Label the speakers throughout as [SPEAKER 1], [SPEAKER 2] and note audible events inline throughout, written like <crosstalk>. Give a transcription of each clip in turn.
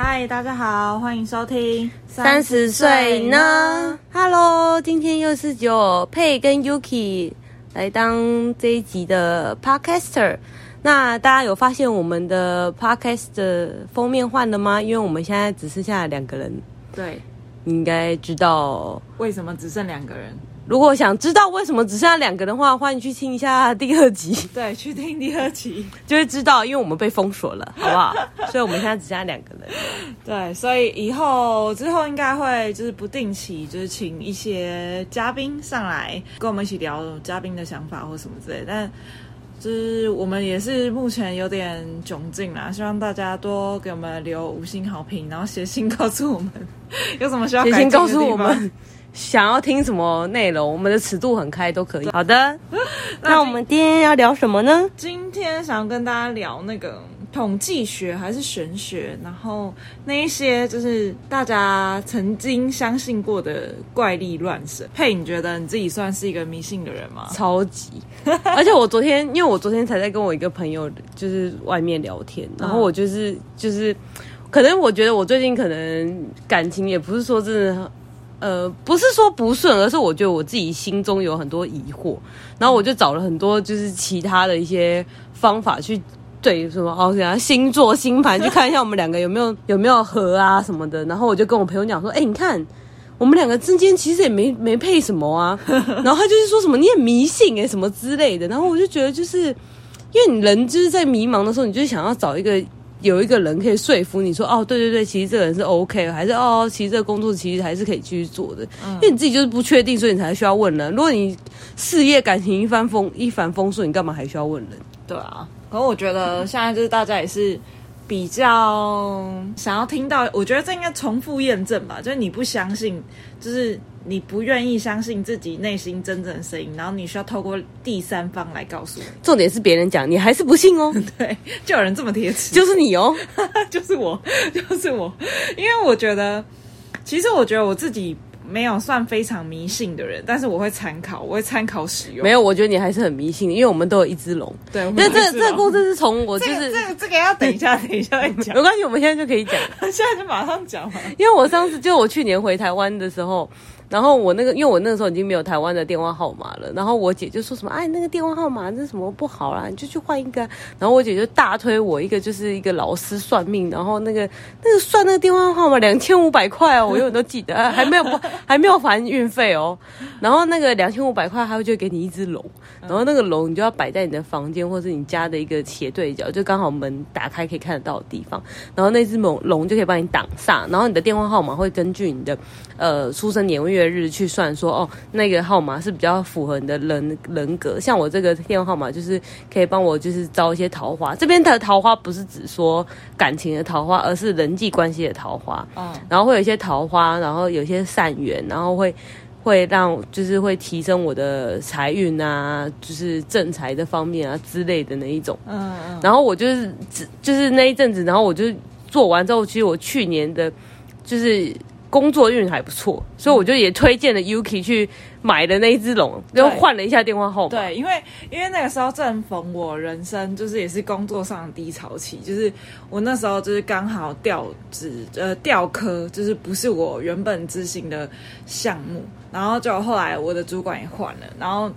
[SPEAKER 1] 嗨，Hi, 大家好，歡迎收聽三十歲呢。
[SPEAKER 2] 哈嘍，Hello, 今天又是九佩跟 Yuki 來當這一集的 Podcaster。那大家有發現我們的 Podcaster 封面換了嗎？因為我們現在只剩下兩個人。對，你應該知道
[SPEAKER 1] 為什麼只剩兩個人。
[SPEAKER 2] 如果想知道為什麼只剩下兩個的話，歡迎去聽一下第二集。
[SPEAKER 1] 對，去聽第二集就會知道，因為我們被封鎖了，好不好？ <laughs> 所以我們現在只剩下兩個人。對，所以以後之後應該會就是不定期，就是請一些嘉賓上來跟我們一起聊嘉賓的想法或什麼之類。但就是我們也是目前有點窘境啦，希望大家多給我們留五星好評，然後寫信告訴我們 <laughs> 有什麼需要改，寫信告訴我們想要聽
[SPEAKER 2] 什麼內容？我們的尺度很開，都可以。對好的， <laughs> 那我們今天要聊什麼呢？
[SPEAKER 1] 今天想要跟大家聊那個統計學還是玄學？然後那一些就是大家曾經相信過的怪力亂神。佩你覺得你自己算是一個迷信的人嗎？
[SPEAKER 2] 超級。 <laughs> 而且我昨天，因為我昨天才在跟我一個朋友就是外面聊天，然後我就是就是，可能我覺得我最近可能感情也不是說真的很。呃，不是說不順，而是我覺得我自己心中有很多疑惑，然後我就找了很多就是其他的一些方法去對什麼，哦，想要星座星盤去看一下我們兩個有沒有有沒有合啊什麼的，然後我就跟我朋友講說，哎、欸，你看我們兩個之間其實也沒沒配什麼啊，然後他就是說什麼你也迷信哎、欸、什麼之類的，然後我就覺得就是因為你人就是在迷茫的時候，你就想要找一個。有一個人可以說服你說哦，對對對，其實這個人是 OK，還是哦，其實這個工作其實還是可以繼續做的，嗯、因為你自己就是不確定，所以你才需要問人。如果你事業感情一帆風一帆風順，你幹嘛還需要問人？
[SPEAKER 1] 對啊，可能我覺得現在就是大家也是比較想要聽到，我覺得這應該重複驗證吧，就是你不相信，就是。你不願意相信自己內心真正的聲音，然後你需要透過第三方來告訴你。
[SPEAKER 2] 重點是別人
[SPEAKER 1] 講你還是不信哦。對，就有人這麼貼詞，就是你哦， <laughs> 就是我，就是我。因為我覺得，其實我覺得我自己沒有算非常迷信的人，但是我會參考，我會參考使用。沒有，我
[SPEAKER 2] 覺得你還是很迷信，因為我們都有一隻龍。對，因這個、這個、
[SPEAKER 1] 故事是從我就是這個、這個、這個要等一下，等一下再講， <laughs> 沒關係，我們現在就可以講， <laughs> 現在就馬上講
[SPEAKER 2] 嘛。因為我上次就我去年回台灣的時候。然後我那個，因為我那個時候已經沒有台灣的電話號碼了。然後我姐就說什麼，哎，那個電話號碼那什麼不好啦，啊，你就去換一個，啊。然後我姐就大推我一個，就是一個老師算命。然後那個那個算那個電話號碼，兩千五百塊哦，我永遠都記得，啊、還沒有不還沒有還運費哦。然後那個兩千五百塊，他會就給你一隻龍。然後那個龍你就要擺在你的房間或者你家的一個斜對角，就剛好門打開可以看得到的地方。然後那隻龍龍就可以幫你擋煞。然後你的電話號碼會根據你的呃出生年月。月日去算說哦，那個號碼是比較符合你的人人格。像我這個電話號碼，就是可以幫我就是招一些桃花。這邊的桃花不是指說感情的桃花，而是人際關係的桃花。嗯，然後會有一些桃花，然後有一些善緣，然後會會讓就是會提升我的財運啊，就是正財的方面啊之類的那一種。嗯嗯，然後我就是只就是那一陣子，然後我就做完之後，其實我去年的就是。工作運還不錯，所以我就也推薦了 Yuki 去買的那一隻龍，嗯、就換
[SPEAKER 1] 了一下電話號碼。對，因為因為那個時候正逢我人生就是也是工作上的低潮期，就是我那時候就是剛好調職呃調科，就是不是我原本執行的項目，然後就後來我的主管也換了，然後。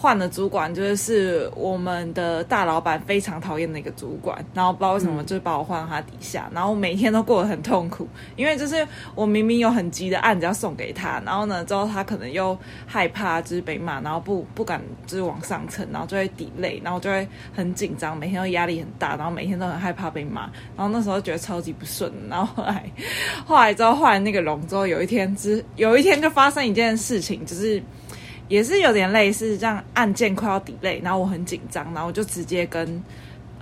[SPEAKER 1] 換了主管，就是是我們的大老板非常討厭的一個主管，然後不知道為什麼就把我換他底下，嗯、然後每天都過得很痛苦，因為就是我明明有很急的案子要送給他，然後呢，之後他可能又害怕就是被罵，然後不不敢就是往上層，然後就會 delay，然後就會很緊張，每天都壓力很大，然後每天都很害怕被罵，然後那時候覺得超級不順，然後後來後來之後換那個龍舟，有一天之有一天就發生一件事情，就是。也是有點類似，這樣案件快要 delay，然後我很緊張，然後我就直接跟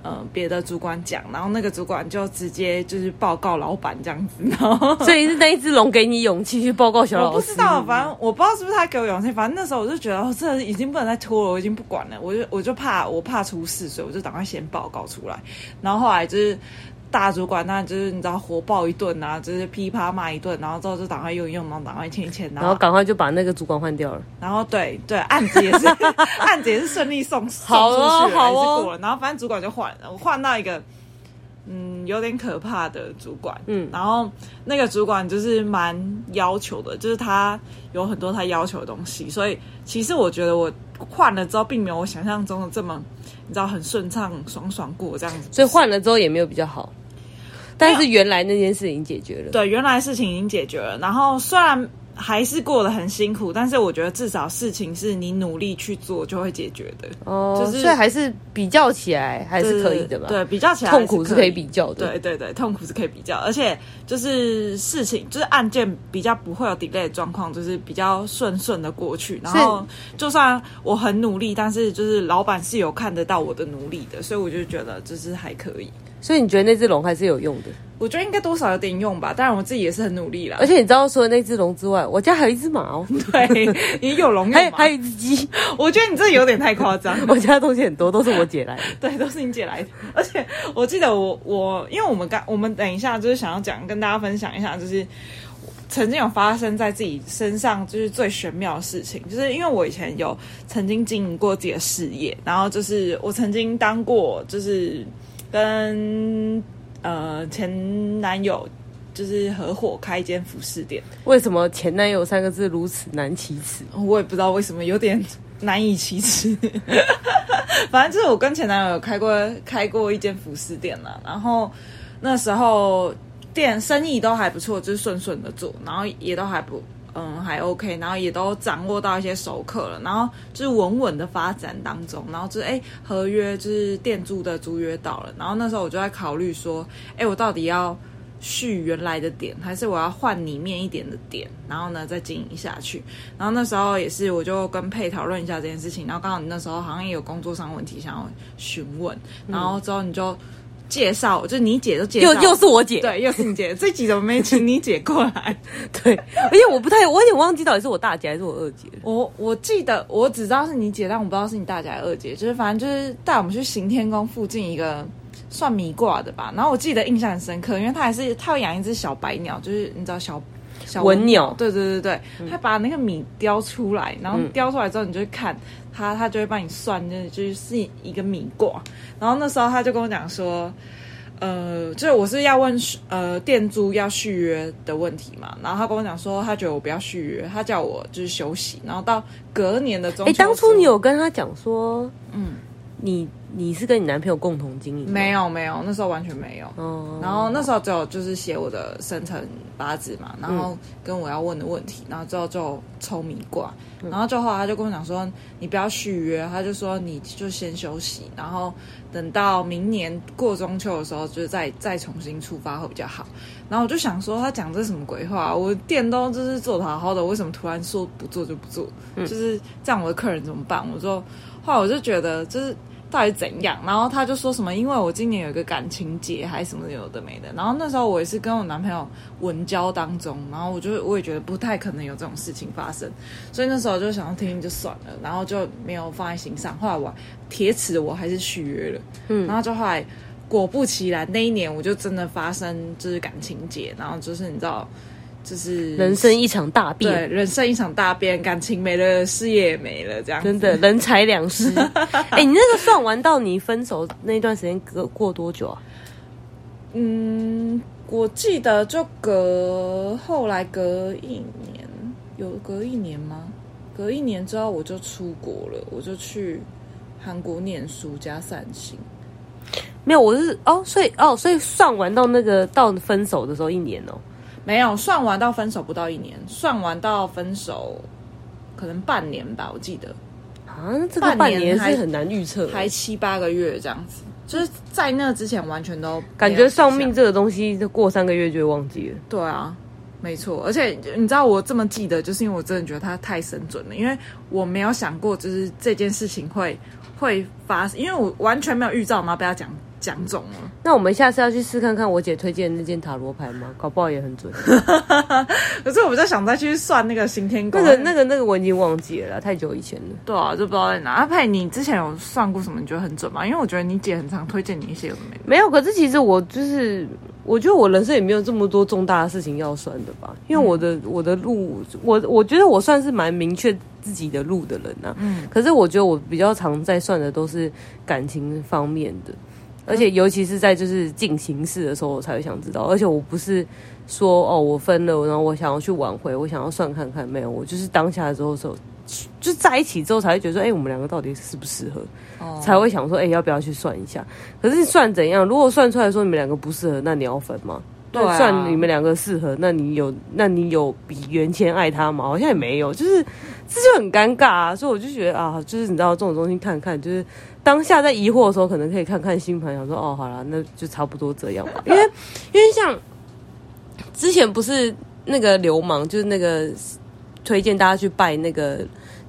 [SPEAKER 1] 嗯別、呃、的主管講，然後那個主管就直接就是報告老闆這樣子，然後所以是那一隻龍給你勇氣去報告小老闆？我不知道，反正我不知道是不是他給我勇氣，反正那時候我就覺得，哦、這已經不能再拖了，我已經不管了，我就我就怕我怕出事，所以我就趕快先報告出來，然後後來就是。大主管，那就是你知道，火爆一頓啊，就是噼啪罵一頓，然後之後就趕快用用，然後趕快簽簽，然後趕
[SPEAKER 2] 快就把那個主管換掉
[SPEAKER 1] 了。然後對對，案子也是 <laughs> 案子也是順利送 <laughs> 送出去了，好哦、還是過了。好哦、然後反正主管就換了，我換到一個嗯有點可怕的主管，嗯，然後那個主管就是蠻要求的，就是他有很多他要求的東西，所以其實我覺得我換了之後，並沒有我想象中的這麼。你知道很順暢、爽爽過這樣子，所以換了之後也沒有比較好，但是原來那件事已經解決了。對啊、對，原來事情已經解決了，然後雖然。還是過得很辛苦，但是我覺得至少事情是你努力去做就會解決的，哦，就
[SPEAKER 2] 是，所以還是比較起來還是可以的吧？對，比較起來還是可以。痛苦是可以比較的，對
[SPEAKER 1] 對對，痛苦是可以比較的，而且就是事情就是案件比較不會有 delay 的狀況，就是比較順順的過去，然後就算我很努力，但是就是老闆是有看得到我的努力的，所以我就覺得就是還可以。
[SPEAKER 2] 所以你覺得那隻龍還是有用的？
[SPEAKER 1] 我覺得應該多少有點用吧。當然，我自己也是很努力啦。而且你知道，除了那隻龍之外，我家還有一只馬哦，
[SPEAKER 2] 對，你有龍，還有還有一隻雞。我覺得你這有點太誇張。 <laughs> 我家東西很多，都是我姐來的。
[SPEAKER 1] 對，都是你姐來的。而且我記得我，我我因為我們剛我們等一下就是想要講跟大家分享一下，就是曾經有發生在自己身上就是最玄妙的事情。就是因為我以前有曾經經營過自己的事業，然後就是我曾經當過就是。跟呃、前男友就是合夥開一間服飾店，為什麼前男友三個字如此難啟齒？我也不知道為什麼，有點難以啟齒。 <laughs> 反正就是我跟前男友有開過開過一間服飾店嘛，然後那時候店生意都還不錯，就是順順的做，然後也都還不。嗯，還 OK，然後也都掌握到一些熟客了，然後就是穩穩的發展當中，然後就是哎、欸，合約就是店租的租約到了，然後那時候我就在考慮說，哎、欸，我到底要續原來的店，還是我要換裡面一點的店，然後呢再經營下去。然後那時候也是，我就跟佩討論一下這件事情，然後剛好你那時候好像也有工作上問題想要詢問，然後之後你就。嗯介紹就是你姐都介紹，又又是我姐，對，又是你姐。最近怎麼沒請你姐過來？對， <laughs> 而且我不太，我有點忘記到底是我大姐還是我二姐。我我記得，我只知道是你姐，但我不知道是你大姐還是二姐。就是反正就是帶我們去行天宮附近一個算米卦的吧。然後我記得印象很深刻，因為他還是他要養一隻小白鳥，就是你知道小。小文，文鳥，對對對對，他把那個米叼出來，然後叼出來之後，你就會看他，他就會幫你算，就就是一個米卦。然後那時候他就跟我講說，呃，就是我是要問，呃店租要續約的問題嘛，然後他跟我講說，他覺得我不要續約，他叫我就是休息，然後到隔年的中。哎，當初你
[SPEAKER 2] 有跟他講說，嗯，你。你是跟你男朋友共同經營？沒
[SPEAKER 1] 有，沒有，那時候完全沒有。Oh. 然後那時候只有就是寫我的生辰八字嘛，然後跟我要問的問題，嗯、然後之後就抽米卦、嗯、然後就後來他就跟我講說：“你不要續約。”他就說：“你就先休息，然後等到明年過中秋的時候，就再再重新出發會比較好。”然後我就想說：“他講這什麼鬼話？我店都就是做得好好的，為什麼突然說不做就不做？嗯、就是這樣，我的客人怎麼辦？”我說：“後來我就覺得就是。”到底怎樣？然後他就說什麼？因為我今年有一個感情劫，還什麼有的沒的。然後那時候我也是跟我男朋友文交當中，然後我就我也覺得不太可能有這種事情發生，所以那時候就想要聽聽就算了，然後就沒有放在心上。後來我鐵齒，我還是續約了，嗯，然後就後來果不其然，那一年我就真的發生就是感情劫，然後就是你知道。就是人生一場大變，對，人生一場大變，感情沒了，事業也沒了，這樣真的人財兩失。哎、 <laughs> 欸，你那個算完到你分手那段時間隔過、過多久啊？嗯，我記得就隔，後來隔一年，有隔一年嗎？隔一年之後我就出國了，我就去韓國念書加散心。沒有，我是哦，所以哦，所以算完到那個到分手的時候一年哦。沒有，算完到分手不到一年，算完到分手可能半年吧，我記得啊，這個半年還是很難預測，還七八個月這樣子，就是在那之前完全都感覺算命這個東西，就過三個月就會忘記了。對啊，沒錯，而且你知道我這麼記得，就是因為我真的覺得他太神準了，因為我沒有想過就是這件事情會會發生，因為我完全沒有預兆嘛，不要講講中
[SPEAKER 2] 了，那我們下次要去試看看我姐推薦的那件塔羅牌嗎？搞不好
[SPEAKER 1] 也很準。 <laughs> 可是我比較想再去算那個行天宮，那個、那個、那個我已經忘記了，太久以前了。對啊，就不知道在哪。阿派、啊，你之前有算過什麼？你覺得很準嗎？因為我覺得你姐很常推薦你一些，有沒
[SPEAKER 2] 有？沒有。可是其實我就是，我覺得我人生也沒有這麼多重大的事情要算的吧。因為我的、嗯、我的路，我我覺得我算是蠻明確自己的路的人吶、啊。嗯。可是我覺得我比較常在算的都是感情方面的。而且，尤其是在就是進行式的時候，我才會想知道。而且，我不是說哦，我分了，然後我想要去挽回，我想要算看看沒有。我就是當下的時候，時候就在一起之後，才會覺得說，誒，我們兩個到底適不適合？才會想說，誒，要不要去算一下？可是算怎樣？如果算出來說你們兩個不適合，那你要分嗎？對，算你們兩個適合，那你有，那你有比原先愛他嗎？好像也沒有，就是這就很尷尬啊。所以我就覺得啊，就是你知道，這種東西看看就是。當下在疑惑的時候，可能可以看看星盤，想說：“哦，好了，那就差不多這樣。”吧。因為，因為像之前不是那個流氓，就是那個推薦大家去拜那個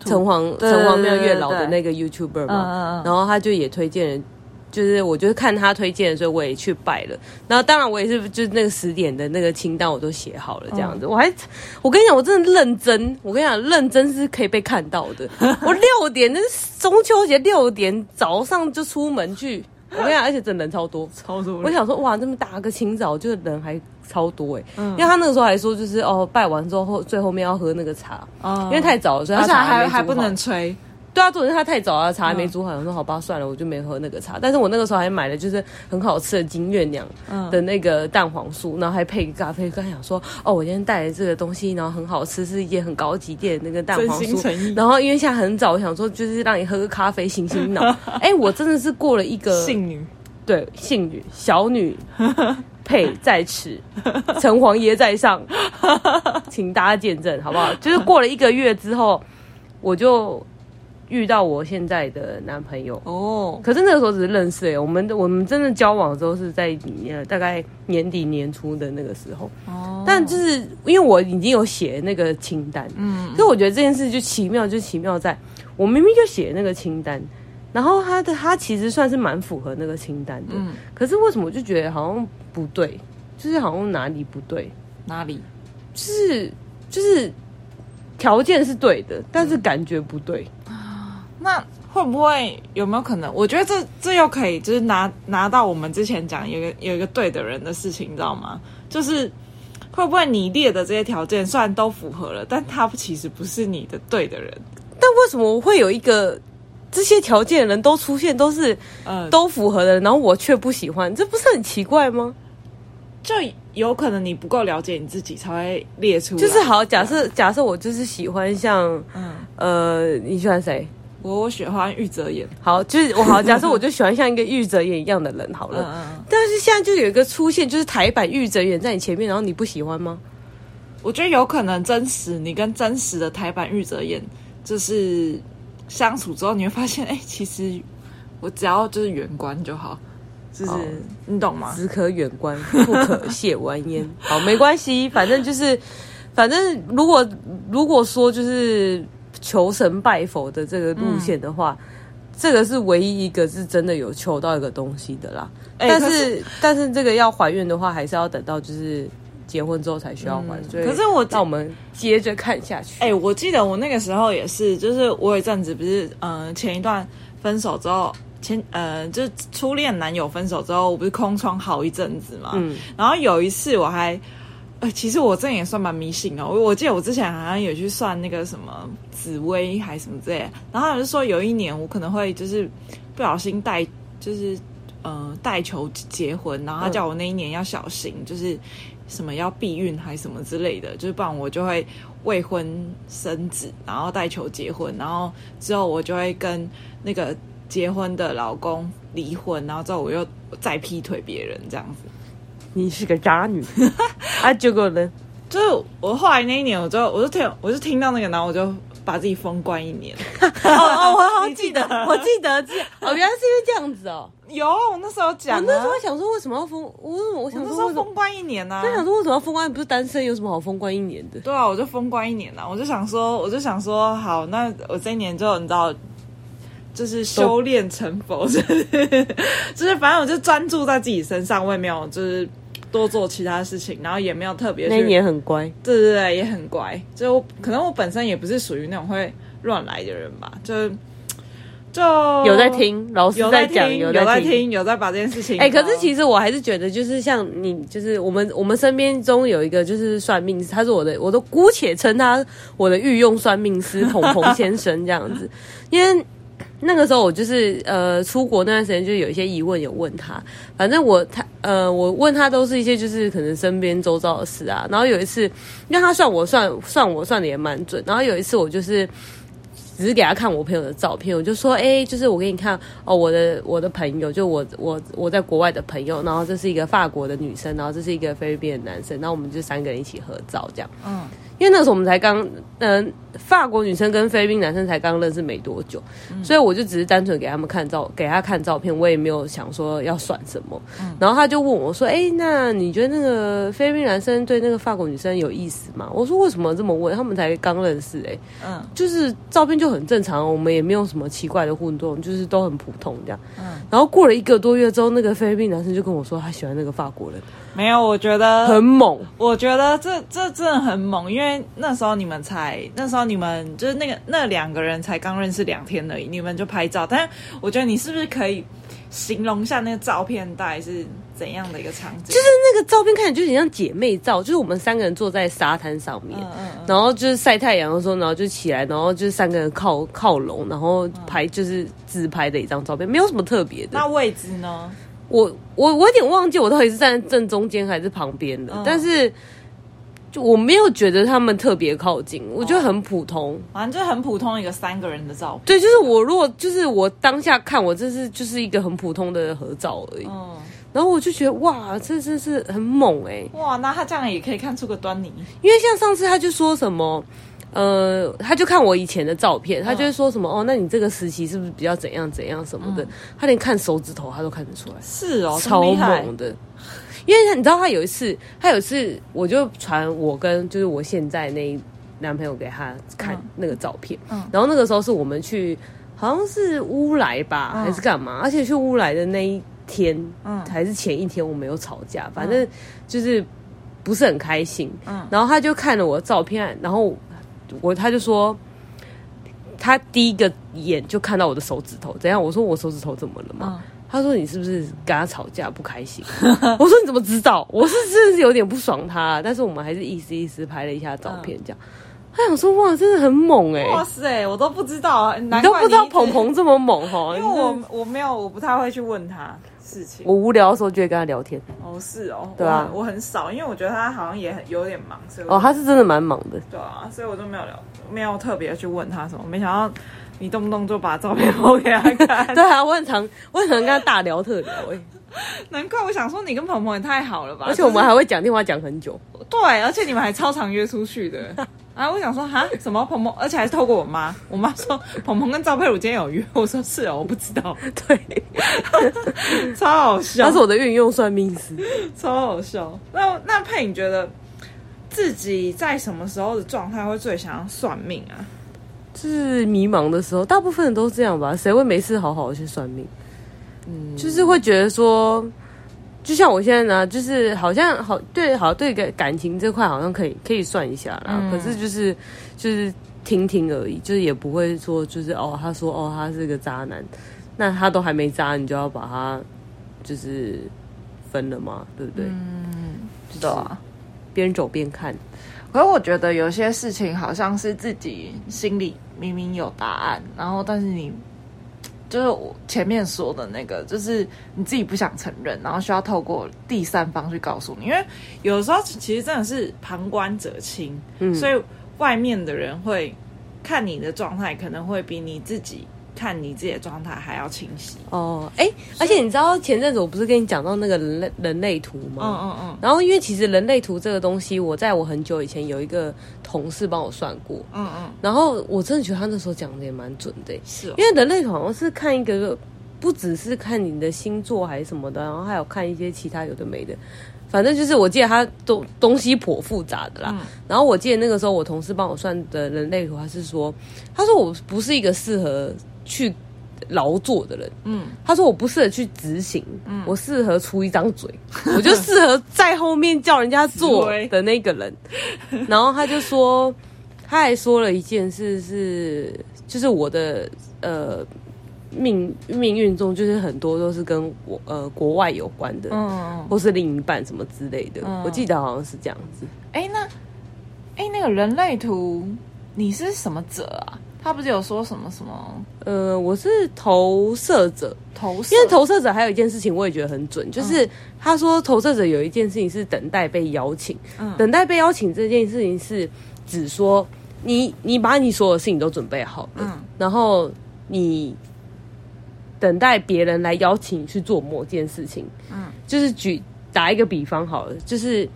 [SPEAKER 2] 城隍，對對對對對，城隍廟、月老的那個 YouTuber 嘛。對對對對，然後他就也推薦了。就是我就是看他推薦的，所以我也去拜了。然後當然我也是，就是那個十點的那個清單我都寫好了，這樣子。嗯、我還我跟你講，我真的認真。我跟你講，認真是可以被看到的。 <laughs> 我六點，那是中秋節六點早上就出門去。我跟你講，而且真的人超多，超多。我想說，哇，這麼大個清早，就人還超多哎、欸。嗯、因為他那個時候還說，就是哦，拜完之後，後最後面要喝那個茶、
[SPEAKER 1] 哦、因為太早了，所以他，而且他還還，還不能
[SPEAKER 2] 吹。對啊，因為他太早了，啊，茶還沒煮好，然說、嗯、好吧，算了，我就沒喝那個茶。但是我那個時候還買了，就是很好吃的金月娘的那個蛋黃酥，嗯、然後還配個咖啡。剛想說哦，我今天帶來這個東西，然後很好吃，是一間很高級店的那個蛋黃酥。然後因為現在很早，我想說就是讓你喝個咖啡醒醒腦。哎、 <laughs> 欸，我真的是過了一個信女對信女小女 <laughs> 配在此，城隍爺在上， <laughs> 請大家見證好不好？就是過了一個月之後，我就。遇到我現在的男朋友哦，oh. 可是那個時候只是認識哎、欸，我們我們真的交往的時候是在年大概年底年初的那個時候哦，oh. 但就是因為我已經有寫那個清單，嗯，所以我覺得這件事就奇妙，就奇妙在我明明就寫那個清單，然後他的他其實算是蠻符合那個清單的，嗯，可是為什麼我就覺得好像不對，就是好像哪裡不對，
[SPEAKER 1] 哪裡是就是就是條件是對的，但是感覺不對。嗯那會不會有沒有可能？我覺得這這又可以就是拿拿到我們之前講有個有一個對的人的事情，你知道嗎？就是會不會你列的這些條件雖然都符合了，但他其實不是你的對的人。
[SPEAKER 2] 但為什麼會有一個這些條件的人都出現，都是呃、嗯、都符合的，然後我卻不喜歡，這不是很奇怪嗎？就有可能你不夠了解你自己，才會列出。就是好，假設這樣，假設我就是喜歡像嗯呃，你喜歡誰？
[SPEAKER 1] 我，我喜歡玉澤演，
[SPEAKER 2] 好，就是我好。假設我就喜歡像一個玉澤演一樣的人好了， <laughs> 嗯嗯嗯，但是現在就有一個出現，就是台版玉澤演在你前面，然後你不喜
[SPEAKER 1] 歡嗎？我覺得有可能真實，你跟真實的台版玉澤演就是相處之後，你會發現，哎、欸，其實我只要就是遠觀就好，就是好你懂嗎？只
[SPEAKER 2] 可遠觀，不
[SPEAKER 1] 可褻玩焉。
[SPEAKER 2] <laughs> 好，沒關係，反正就是，反正如果如果說就是。求神拜佛的這個路線的話，嗯、這個是唯一一個是真的有求到一個東西的啦。欸、但是，是但是這個要還願的話，還是要等到就是結婚
[SPEAKER 1] 之後才需要還。嗯、所以，可是我，那我們接着看下去。哎、欸，我記得我那個時候也是，就是我有陣子不是，嗯、呃，前一段分手之後，前呃，就是初戀男友分手之後，我不是空窗好一陣子嘛。嗯。然後有一次我還。呃，其實我這也算蠻迷信哦。我我記得我之前好像有去算那個什麼紫微還是什麼之類的，然後他就說有一年我可能會就是不小心帶就是呃帶球結婚，然後他叫我那一年要小心，就是什麼要避孕還是什麼之類的，就是不然我就會未婚生子，然後帶球結婚，然後之後我就會跟那個結婚的老公離婚，然後之後我又再劈腿別人這樣子。
[SPEAKER 2] 你是個渣女
[SPEAKER 1] <laughs> 啊！結果呢？就是我後來那一年，我就我就聽，我就聽到那個，然後我就把自己封關一年。 <laughs> 哦
[SPEAKER 2] 哦，我好記得，記得我記
[SPEAKER 1] 得，記得
[SPEAKER 2] <laughs> 哦，原來是因為這樣子哦。
[SPEAKER 1] 有，我那時候講、啊，我那時候想說，為什麼要封？為我,我想說為什麼我封關一年呢、啊？我想說，為什麼要封關？不是單身，有什麼好封關一年的？對啊，我就封關一年啊。我就想說，我就想說，好，那我這一年就你知道，就是修煉成佛，都就是、 <laughs> 就是反正我就專注在自己身上，我也沒有就是。多做其他事情，然後也沒有特別。那你也很乖。對對對，也很乖。就可能我本身也不是屬於那種會亂來的人吧，就是就有在聽老師在講，有在聽，有在把這件事情。哎、欸，可是其實
[SPEAKER 2] 我還是覺得，就是像你，就是我們我們身邊中有一個就是算命師，他是我的，我都姑且稱他我的御用算命師彭彭先生這樣子， <laughs> 因為。那個時候我就是呃出國那段時間，就有一些疑問有問他，反正我他呃我問他都是一些就是可能身邊周遭的事啊。然後有一次，因為他算我算算我算的也蠻準。然後有一次我就是只是給他看我朋友的照片，我就說哎、欸，就是我給你看哦，我的我的朋友就我我我在國外的朋友，然後這是一個法國的女生，然後這是一個菲律賓的男生，然後我們就三個人一起合照這樣。嗯。因為那時候我們才剛，嗯、呃，法國女生跟菲律賓男生才剛認識沒多久，嗯、所以我就只是單純給他們看照，給他看照片，我也沒有想說要算什麼。嗯、然後他就問我說：“哎、欸，那你覺得那個菲律賓男生對那個法國女生有意思嗎？”我說：“為什麼這麼問？他們才剛認識、欸，哎，嗯，就是照片就很正常，我們也沒有什麼奇怪的互動，就是都很普通這樣。嗯、然後過了一個多月之後，那個菲律賓男生就跟我說他喜歡那個法國人。
[SPEAKER 1] 沒有，我覺得很猛。我覺得這這真的很猛，因為。因為那時候你們才，那時候你們就是那個那兩個人才剛認識兩天而已，你們就拍照。但是我覺得你是不是可以形容一下那個照片大概是怎樣的一個場
[SPEAKER 2] 景？就是那個照片看起來就很像姐妹照，就是我們三個人坐在沙灘上面，uh, uh, 然後就是曬太陽的時候，然後就起來，然後就是三個人靠靠攏，然後拍、uh, 就是自拍的一張照片，沒有什麼特別的。那位置呢？我我我有點忘記我到底是站在正中間還是旁邊的，uh, 但是。我沒有覺得他們特別靠近，我覺得很普通，反
[SPEAKER 1] 正、哦、就很普通一個三個人的照片，
[SPEAKER 2] 對，就是我如果就是我當下看，我這是就是一個很普通的合照而已。嗯、然後我就覺得哇，這真是，是很猛哎、欸！哇，那他這樣也可以看出個端倪，因為像上次他就說什麼，呃，他就看我以前的照片，他就是說什麼、嗯、哦，那你這個時期是不是比較怎樣怎樣什麼的？嗯、他連看手指頭他都看得出來，是哦，超猛的。因為你知道，他有一次，他有一次，我就傳我跟就是我現在那男朋友給他看那個照片，嗯，嗯，然後那個時候是我們去好像是烏來吧，嗯，還是幹嘛？而且去烏來的那一天，嗯，還是前一天，我們有吵架，反正就是不是很開心，嗯。然後他就看了我的照片，然後我他就說，他第一個眼就看到我的手指頭，怎樣？我說我手指頭怎麼了嘛？嗯他說你是不是跟他吵架不開心？ <laughs> 我說你怎麼知道？我是真的是有點不爽他，啊，但是我們還是意思意思拍了一下
[SPEAKER 1] 照片這樣。
[SPEAKER 2] 嗯、他想說哇，真的很猛哎，欸！哇塞，
[SPEAKER 1] 我都不知道，你都不知道鵬
[SPEAKER 2] 鵬這麼猛哈？因為我
[SPEAKER 1] 我沒有，我不太會去問他事情。 <laughs> 我無
[SPEAKER 2] 聊的時候就會跟他聊天。哦，
[SPEAKER 1] 是哦，對啊，我很少，因為我覺得他好像也很有點忙，哦，他是真的蠻忙的。對啊，所以我都沒有聊，沒有特別去問他什麼，沒想到。你動不動就把照片發給他看， <laughs> 對啊，我很常，我很常跟他大聊特聊。哎，難怪我想說你跟鵬鵬也太好了吧！而且我們還會講電話講很久。對，而且你們還超常約出去的。 <laughs> 啊，我想說，哈，什麼鵬鵬？而且還是透過我媽，我媽說鵬鵬 <laughs> 跟趙佩如今天有約。我說是啊、哦，我不知道。對， <laughs> 超好笑。他是我的御用算命師，超好笑。那那佩如覺得自己在什麼時候的狀態會最想要算命啊？就是
[SPEAKER 2] 迷茫的時候，大部分人都是這樣吧？誰會沒事好好的去算命？嗯，就是會覺得說，就像我現在呢，就是好像好對，好對感感情這塊好像可以可以算一下啦。嗯，可是就是就是聽聽而已，就是也不會說就是哦，他說哦，他是個渣男，那他都還沒渣，你就要把他
[SPEAKER 1] 就是分了嘛，對不對？嗯，知道啊，邊走邊看。可是我覺得有些事情好像是自己心裡。明明有答案，然後但是你就是我前面說的那個，就是你自己不想承認，然後需要透過第三方去告訴你，因為有的時候其實真的是旁觀者清，嗯，所以外面的人會看你的狀態，可能會比你自己。看你
[SPEAKER 2] 自己的狀態還要清晰哦，哎、欸，哦、而且你知道前陣子我不是跟你講到那個人類人類圖嗎？嗯嗯嗯。然後因為其實人類圖這個東西，我在我很久以前有一個同事幫我算過，嗯嗯。然後我真的覺得他那時候講的也蠻準的、欸，是、哦。因為人類圖好像是看一個，不只是看你的星座還是什麼的，然後還有看一些其他有的沒的，反正就是我記得他東東西頗複雜的啦。嗯、然後我記得那個時候我同事幫我算的人類圖，他是說，他說我不是一個適合。去勞作的人，嗯，他說我不適合去執行，嗯，我適合出一張嘴， <laughs> 我就適合在後面叫人家做的那個人。 <laughs> 然後他就說，他還說了一件事是，是就是我的呃命命運中，就是很多都是跟我呃國外有關的，嗯，嗯，或是另一半什麼之類的，嗯、我記得好像是這樣子。
[SPEAKER 1] 哎、欸，那哎、欸、那個人類圖，你是什麼者啊？他不是有說什麼什麼？呃，我是投射者，投射。因為投射者還有一件事情，
[SPEAKER 2] 我也覺得很準，就是他說投射者有一件事情是等待被邀請。嗯、等待被邀請這件事情是指說你，你把你所有事情都準備好了，嗯、然後你等待別人來邀請你去做某件事情。嗯，就是舉打一個比方好了，就是。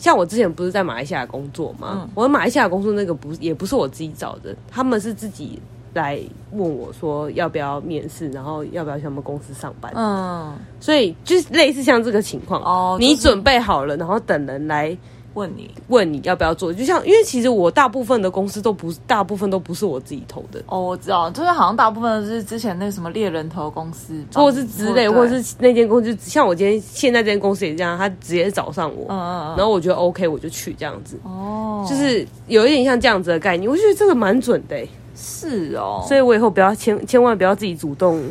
[SPEAKER 2] 像我之前不是在馬來西亞工作嘛。嗯、我馬來西亞工作那個不也不是我自己找的，他們是自己來問我說要不要面試，然後要不要去他們公司上班的。嗯，所以就是類似像這個情況，哦、你準備好了，就是、然後等人來。問你問你要不要做，就像因為其實我大部分的公司都不，大部分都不是我自己投的
[SPEAKER 1] 哦。我知道，就是好像大部分的是之前那什麼獵人頭公司，或是之類，對或是那間公
[SPEAKER 2] 司，像我今天現在這間公司也是這樣，他直接找上我，嗯啊啊然後我覺得 OK，我就去這樣
[SPEAKER 1] 子。哦，就是
[SPEAKER 2] 有一點像這樣子的概念，我覺得這個蠻準的。欸，是哦，所以我以後不要千千萬不要自己主動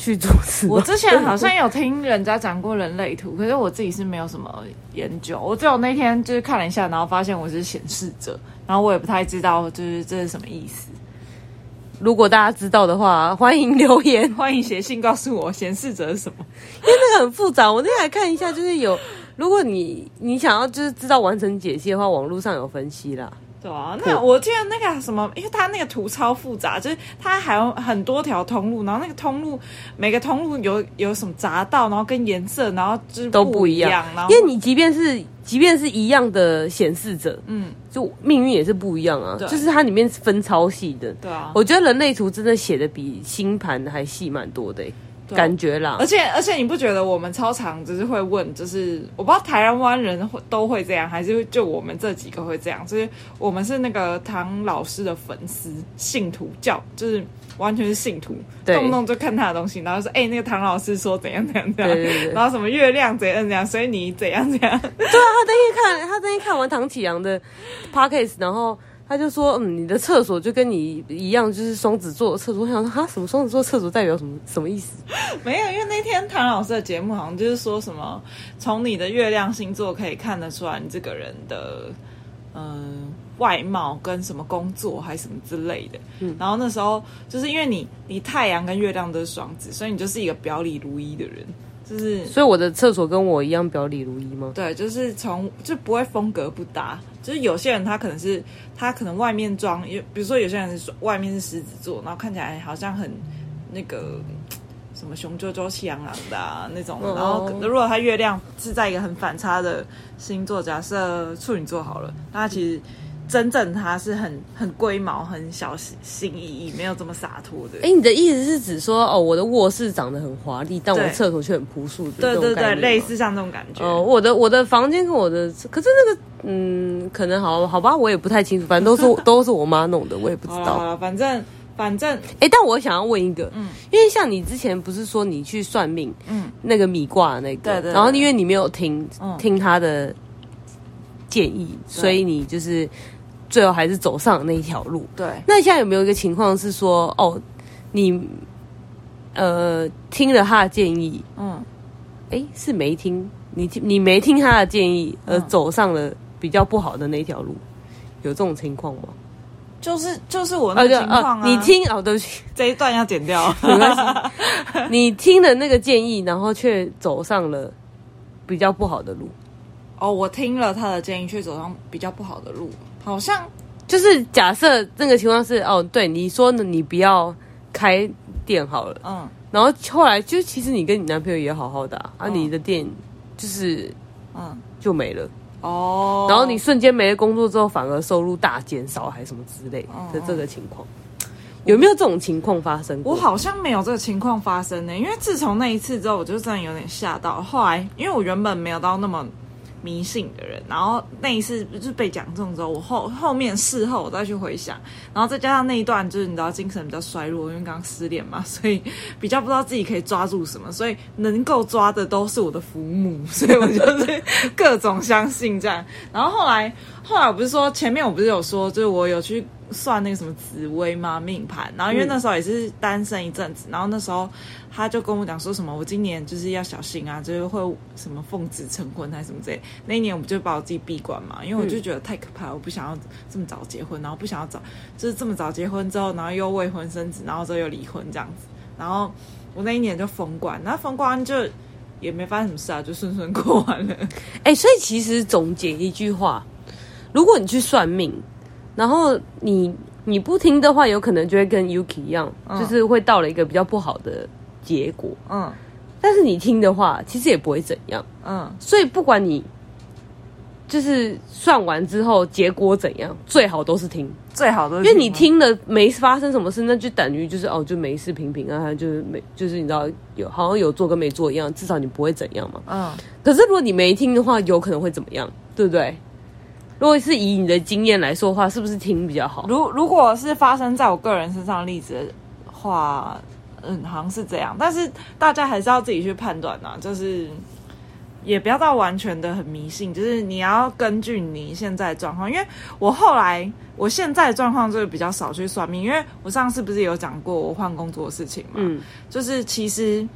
[SPEAKER 2] 去主持，我之前好像
[SPEAKER 1] 有聽人家講過人類圖， <laughs> 可是我自己是沒有什麼研究，我只有那天就是看了一下，然後發現我是顯示者，然後我也不太知道就是這是什麼意思。如果大家知道的話，歡迎留言，歡迎寫信告訴我顯示者是什麼， <laughs> 因為
[SPEAKER 2] 那個很複雜。我那天來看一下，就是有如果你你想要就是知道完成解析的話，
[SPEAKER 1] 網絡上有分析啦。對啊，那我記得那個什麼，因為它那個圖超複雜，就是它還有很多條通路，然後那個通路每個通路有有什麼匝道，然後跟顏色，然後支都不一樣。後因為你即便是即便是一樣的顯示
[SPEAKER 2] 者，嗯，就命運也是不一樣啊。對就是它裡面分超細的，對啊，我覺得人類圖真的寫得比星盤還細蠻多的誒、欸。對感覺了，而且
[SPEAKER 1] 而且你不覺得我們超常，就是會問，就是我不知道台灣人都會這樣，還是就我們這幾個會這樣？就是我們是那個唐老師的粉絲信徒教，就是完全是信徒，對動不動就看他的東西，然後就說哎、欸，那個唐老師說怎樣怎樣怎樣，對對對，然後什麼月亮怎樣怎樣，所以你怎樣怎樣。對啊，他那天看他那天看完唐綺
[SPEAKER 2] 陽的 podcast，然後。他就說，嗯，你的廁所就跟你一樣，就是雙子座的廁所。我想說，啊，什麼雙子座廁所代表什麼什麼意思？
[SPEAKER 1] 沒有，因為那天譚老師的節目好像就是說什麼，從你的月亮星座可以看得出來，你這個人的嗯、呃、外貌跟什麼工作還是什麼之類的。嗯、然後那時候就是因為你你太陽跟月亮都是雙子，所以你就是一個表裡如一的人。就是，
[SPEAKER 2] 所以我的廁所跟我一樣表裡如一嗎？
[SPEAKER 1] 對，就是從就不會風格不搭。就是有些人他可能是他可能外面裝，比如說有些人是外面是獅子座，然後看起來好像很那個什麼雄赳赳氣昂昂的，啊、那種。哦，然後如果他月亮是在一個很反差的星座，假設處女座好了，那其實。嗯真正他是很很龜毛，很小心翼翼，沒有這麼灑脫的。哎，你的意思是
[SPEAKER 2] 指說，哦，我的臥室長得很華麗，但我廁所卻很樸素的，對對對，類似
[SPEAKER 1] 像這
[SPEAKER 2] 種感覺。哦，我的我的房間跟我的，可是那個，嗯，可能好好吧，我也不太清楚。反正都是都是我媽弄的，我也不知道。啊，反正反正，哎，但我想要問一個，嗯，因為像你之前不是說你去算命，嗯，那個米卦那個，對對，然後因為你沒有聽聽他的建議，所以你就是。最後還是走上了那一條路。對，那現在有沒有一個情況是說，哦，你呃聽了他的建議，嗯，哎、欸，是沒聽你聽你沒聽他的建議，而走上了比較不好的那條路，嗯、有這種情況嗎？
[SPEAKER 1] 就是就是我那個情況啊，啊，啊，你聽好
[SPEAKER 2] 的、哦、對不起、這一段要剪掉， <laughs> 沒關係。你聽了那個建議，然後卻走上了比較不好的路。
[SPEAKER 1] 哦，我聽了他的建議，卻走上比較不好的路。好像
[SPEAKER 2] 就是假設那個情況是哦，對，你說你不要開店好了，嗯，然後後來就其實你跟你男朋友也好好的，啊，嗯、啊你的店就是嗯就沒了哦，然後你瞬間沒了工作之後，反而收入大減少還是什麼之類的，嗯，的這個情況，我有沒有這種情況發生過？我好
[SPEAKER 1] 像沒有這個情況發生呢。欸，因為自從那一次之後，我就真的有點嚇到。後來因為我原本沒有到那麼。迷信的人，然後那一次就是被講中之後，我後後面事後我再去回想，然後再加上那一段就是你知道精神比較衰弱，因為剛剛失戀嘛，所以比較不知道自己可以抓住什麼，所以能夠抓的都是我的父母，所以我就是各種相信這樣， <laughs> 然後後來後來我不是說前面我不是有說，就是我有去。算那個什麼紫微嘛，命盤？然後因為那時候也是單身一陣子，然後那時候他就跟我講說什麼，我今年就是要小心啊，就是會什麼奉子成婚還是什麼之類。那一年我不就把我自己閉關嘛，因為我就覺得太可怕，我不想要這麼早結婚，然後不想要早就是這麼早結婚之後，然後又未婚生子，然後之後又離婚這樣子。然後我那一年就封關，那封關就也沒發生什麼事啊，就順順過完了。哎，所以其實總結一句話，
[SPEAKER 2] 如果你去算命。然後你你不聽的話，有可能就會跟 Yuki 一樣，嗯、就是會到了一個比較不好的結果。嗯，但是你聽的話，其實也不會怎樣。嗯，所以不管你就是算完之後結果怎樣，最好都是聽，最好都是聽。都。因為你聽了沒發生什麼事，那就等於就是哦，就沒事平平安安，就是沒就是你知道有好像有做跟沒做一樣，至少你不會怎樣嘛。嗯。可是如果你沒聽的話，有可能會怎麼樣？對不對？如果是
[SPEAKER 1] 以你的經驗來說的話，是不是聽比較好？如果如果是發生在我個人身上的例子的話，嗯，好像是這樣。但是大家還是要自己去判斷吶、啊，就是也不要到完全的很迷信，就是你要根據你現在的狀況。因為我後來我現在的狀況就是比較少去算命，因為我上次不是有講過我換工作的事情嘛，嗯、就是其實。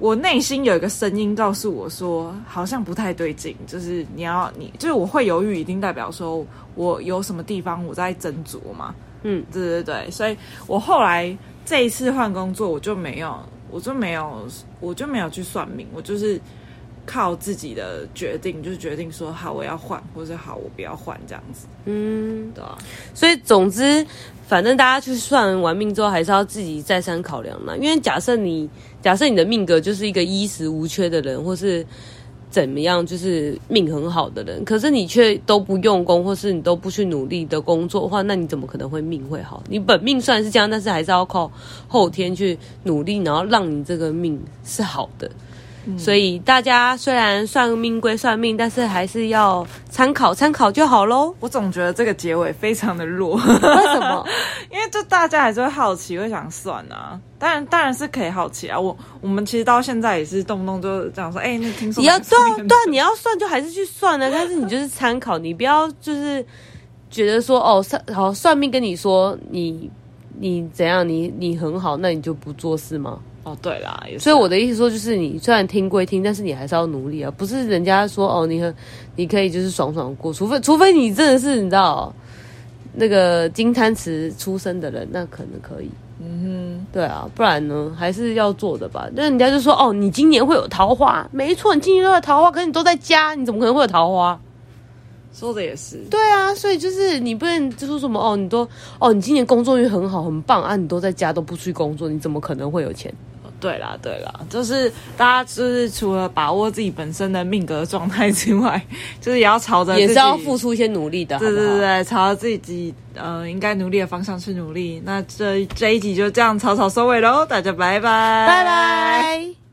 [SPEAKER 1] 我內心有一個聲音告訴我說，好像不太對勁，就是你要你就是我會猶豫，一定代表說我有什麼地方我在斟酌嘛，嗯，對對對，所以我後來這一次換工作，我就沒有，我就沒有，我就沒有去算命，我就是。靠自己的決定，就是決定說好我要換，或者好我不要換這樣子。
[SPEAKER 2] 嗯，對啊。所以總之，反正大家去算完命之後，還是要自己再三考量嘛。因為假設你假設你的命格就是一個衣食無缺的人，或是怎麼樣，就是命很好的人，可是你卻都不用功，或是你都不去努力的工作的話，那你怎麼可能會命會好？你本命算是這樣，但是還是要靠後天去努力，然後讓你這個命是好的。嗯、所以大家雖然算命歸算命，但是還是要參考參考就好
[SPEAKER 1] 嘍。我總覺得這個結尾非常的弱。為什麼？ <laughs> 因為就大家還是會好奇，會想算啊。當然，當然是可以好奇啊。我我們其實到現在也是動不動就這樣說，哎、欸，聽說你要算，對，啊對，啊對啊，你要算就還是去算呢、啊。 <laughs> 但是你就是參考，你不要
[SPEAKER 2] 就是覺得說，哦，算好算命跟你說，你你怎樣，你你很好，那你就不做事嗎？哦，對啦，啦所以我的意思說就是，你雖然聽歸聽，但是你還是要努力啊，不是人家說哦，你很你可以就是爽爽過，除非除非你真的是你知道、哦、那個金湯匙出生的人，那可能可以，嗯
[SPEAKER 1] 哼，
[SPEAKER 2] 對啊，不然呢還是要做的吧。那人家就說哦，你今年會有桃花，沒錯，你今年都有桃花，可是你都在家，你怎麼可能會有桃花？
[SPEAKER 1] 說的也是，
[SPEAKER 2] 對啊，所以就是你不能就說什麼哦，你都哦，你今年工作運很好，很棒啊，你都在家都不去工作，你怎麼可能會有錢？
[SPEAKER 1] 對啦，對啦，就是大家就是除了把握自己本身的命格狀態之外，就是也要朝着也是要付出一些努力的，好不好，對對對，朝着自己呃應該努力的方向去努力。那這這一集就這樣草草收尾嘍，大家拜拜，拜拜。